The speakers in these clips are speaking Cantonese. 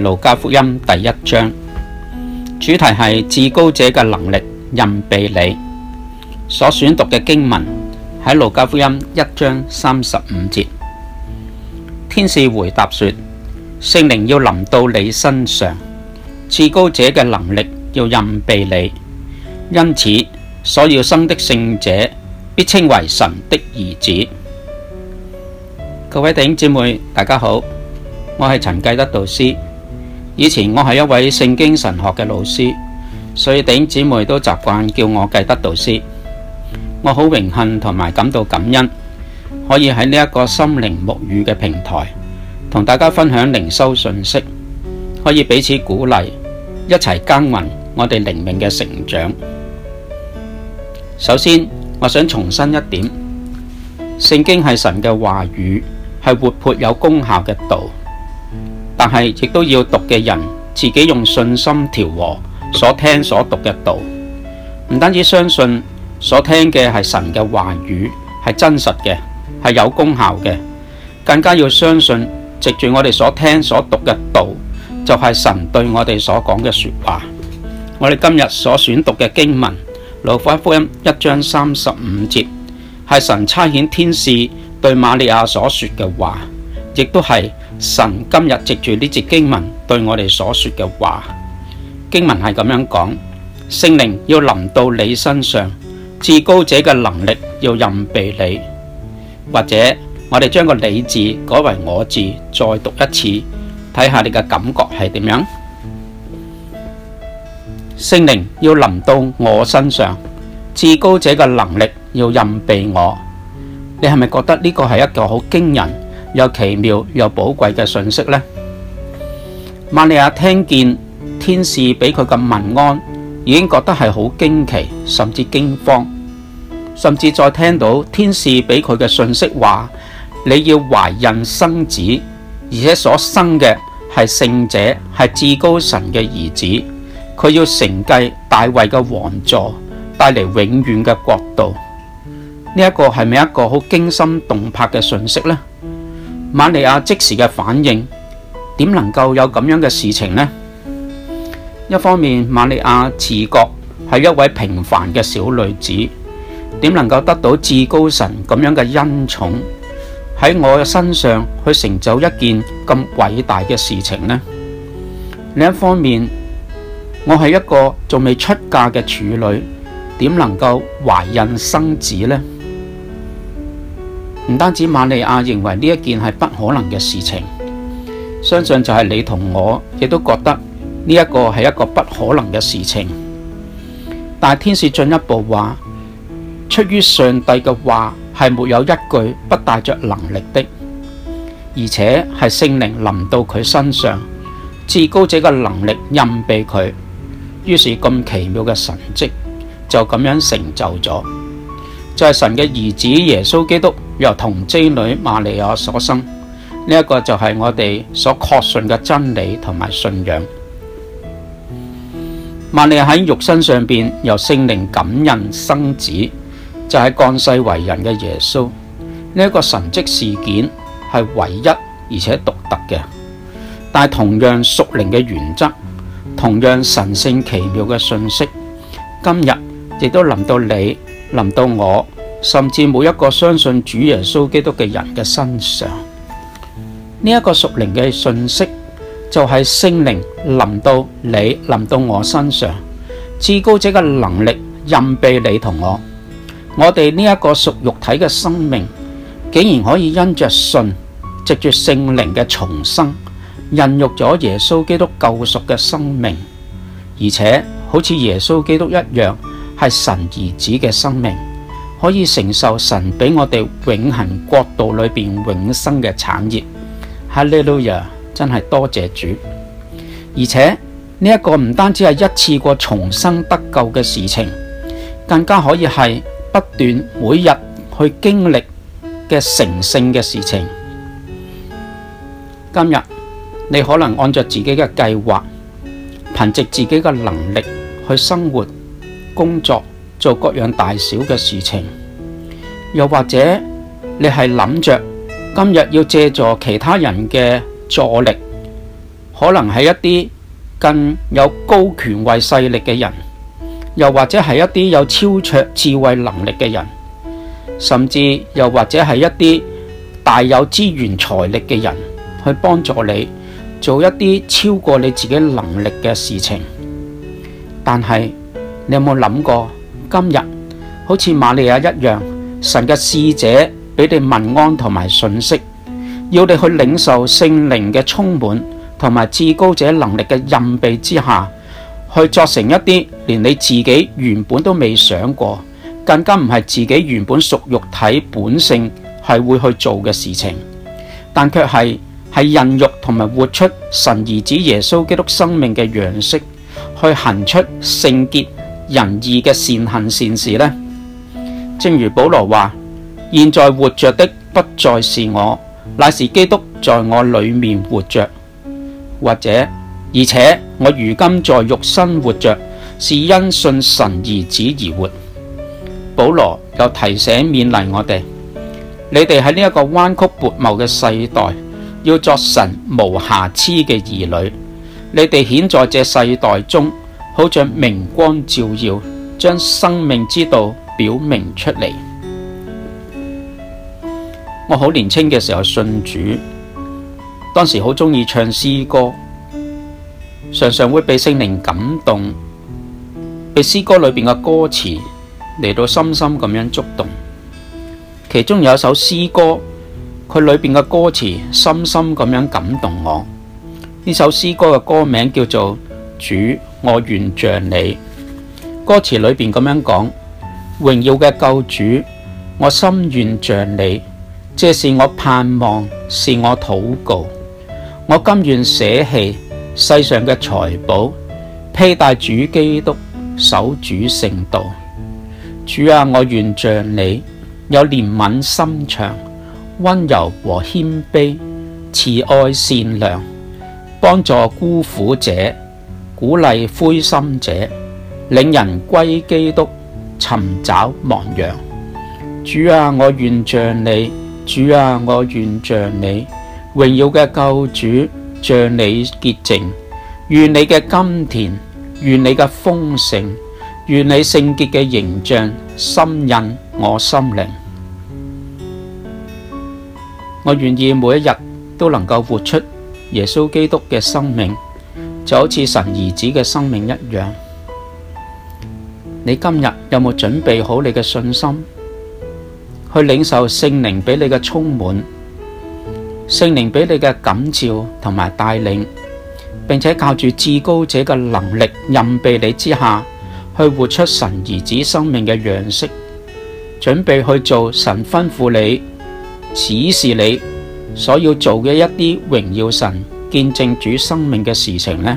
路加福音第一章，主題係至高者嘅能力蔭庇你，所選讀嘅經文喺路加福音一章三十五節。天使回答說：聖靈要臨到你身上，至高者嘅能力要蔭庇你，因此所要生的聖者必稱為神的兒子。各位弟兄姐妹，大家好，我係陳繼德導師。以前我係一位聖經神學嘅老師，所以弟兄姊妹都習慣叫我計德導師。我好榮幸同埋感到感恩，可以喺呢一個心靈牧語嘅平台，同大家分享靈修信息，可以彼此鼓勵，一齊耕耘我哋靈命嘅成長。首先，我想重申一點：聖經係神嘅話語，係活潑有功效嘅道。但係，亦都要讀嘅人自己用信心調和所聽所讀嘅道，唔單止相信所聽嘅係神嘅話語，係真實嘅，係有功效嘅，更加要相信，藉住我哋所聽所讀嘅道，就係、是、神對我哋所講嘅說話。我哋今日所選讀嘅經文《路加福音》一章三十五節，係神差遣天使對瑪利亞所說嘅話。亦都係神今日藉住呢節經文對我哋所說嘅話，經文係咁樣講：聖靈要臨到你身上，至高者嘅能力要蔭庇你。或者我哋將個你字改為我字，再讀一次，睇下你嘅感覺係點樣？聖靈要臨到我身上，至高者嘅能力要蔭庇我。你係咪覺得呢個係一個好驚人？有奇妙又寶貴嘅信息呢，瑪利亞聽見天使俾佢嘅問安，已經覺得係好驚奇，甚至驚慌，甚至再聽到天使俾佢嘅信息話，你要懷孕生子，而且所生嘅係聖者，係至高神嘅兒子，佢要承繼大衛嘅王座，帶嚟永遠嘅國度。呢、這個、一個係咪一個好驚心動魄嘅信息呢？瑪利亞即時嘅反應，點能夠有咁樣嘅事情呢？一方面，瑪利亞自覺係一位平凡嘅小女子，點能夠得到至高神咁樣嘅恩寵，喺我嘅身上去成就一件咁偉大嘅事情呢？另一方面，我係一個仲未出嫁嘅處女，點能夠懷孕生子呢？唔單止瑪利亞認為呢一件係不可能嘅事情，相信就係你同我亦都覺得呢一個係一個不可能嘅事情。但天使進一步話，出於上帝嘅話係沒有一句不帶着能力的，而且係聖靈臨到佢身上，至高者嘅能力蔭庇佢，於是咁奇妙嘅神蹟就咁樣成就咗，就係、是、神嘅兒子耶穌基督。由童貞女瑪利亞所生，呢一個就係我哋所確信嘅真理同埋信仰。瑪利亞喺肉身上邊由聖靈感孕生子，就係降世為人嘅耶穌。呢一個神蹟事件係唯一而且獨特嘅，但係同樣屬靈嘅原則，同樣神聖奇妙嘅信息，今日亦都臨到你，臨到我。甚至每一個相信主耶穌基督嘅人嘅身上，呢、這、一個屬靈嘅信息就係聖靈臨到你，臨到我身上，至高者嘅能力蔭庇你同我。我哋呢一個屬肉體嘅生命，竟然可以因着信藉住聖靈嘅重生，孕育咗耶穌基督救贖嘅生命，而且好似耶穌基督一樣係神兒子嘅生命，可以承受神俾我哋永恆國度裏邊永生嘅產業，哈利路亞！真係多謝主。而且呢一個唔單止係一次過重生得救嘅事情，更加可以係不斷每日去經歷嘅成聖嘅事情。今日你可能按照自己嘅計劃，憑借自己嘅能力去生活、工作。做各樣大小嘅事情，又或者你係諗着今日要借助其他人嘅助力，可能係一啲更有高權位勢力嘅人，又或者係一啲有超卓智慧能力嘅人，甚至又或者係一啲大有資源財力嘅人去幫助你做一啲超過你自己能力嘅事情，但係，你有冇諗過？今日好似瑪利亞一樣，神嘅使者俾你問安同埋訊息，要你去領受聖靈嘅充滿，同埋至高者能力嘅蔭庇之下，去作成一啲連你自己原本都未想過，更加唔係自己原本屬肉體本性係會去做嘅事情，但卻係係孕育同埋活出神兒子耶穌基督生命嘅樣式，去行出聖潔。仁義嘅善行善事呢？正如保羅話：現在活着的不再是我，乃是基督在我裏面活着。或者而且我如今在肉身活着，是因信神兒子而活。保羅又提醒勉勵我哋：你哋喺呢一個彎曲悖謬嘅世代，要作神無瑕疵嘅兒女。你哋顯在這世代中。好像明光照耀，將生命之道表明出嚟。我好年輕嘅時候信主，當時好鍾意唱詩歌，常常會被聖靈感動，被詩歌裏邊嘅歌詞嚟到深深咁樣觸動。其中有一首詩歌，佢裏邊嘅歌詞深深咁樣感動我。呢首詩歌嘅歌名叫做。主，我願像你。歌詞裏邊咁樣講，榮耀嘅救主，我心願像你，這是我盼望，是我禱告。我甘願捨棄世上嘅財寶，披戴主基督，守主聖道。主啊，我願像你，有憐憫心腸，溫柔和謙卑，慈愛善良，幫助孤苦者。鼓勵灰心者，領人歸基督，尋找亡羊。主啊，我願像你；主啊，我願像你。榮耀嘅救主，像你潔淨；願你嘅甘甜，願你嘅豐盛，願你聖潔嘅形象深印我心靈。我願意每一日都能夠活出耶穌基督嘅生命。就好似神兒子嘅生命一樣，你今日有冇準備好你嘅信心，去領受聖靈俾你嘅充滿，聖靈俾你嘅感召同埋帶領，並且靠住至高者嘅能力蔭庇你之下去活出神兒子生命嘅樣式，準備去做神吩咐你、指示你所要做嘅一啲榮耀神見證主生命嘅事情咧。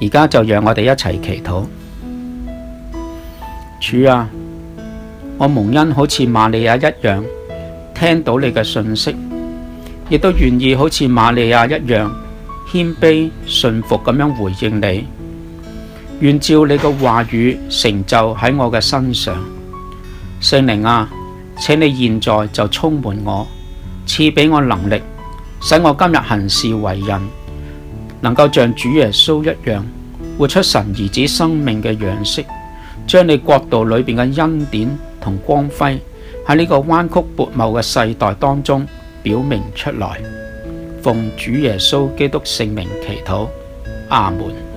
而家就讓我哋一齊祈禱，主啊，我蒙恩好似瑪利亞一樣，聽到你嘅訊息，亦都願意好似瑪利亞一樣謙卑順服咁樣回應你。願照你嘅話語成就喺我嘅身上，聖靈啊，請你現在就充滿我，賜俾我能力，使我今日行事為人。能夠像主耶穌一樣活出神兒子生命嘅樣式，將你國度裏面嘅恩典同光輝喺呢個彎曲悖謬嘅世代當中表明出來。奉主耶穌基督聖名祈禱，阿門。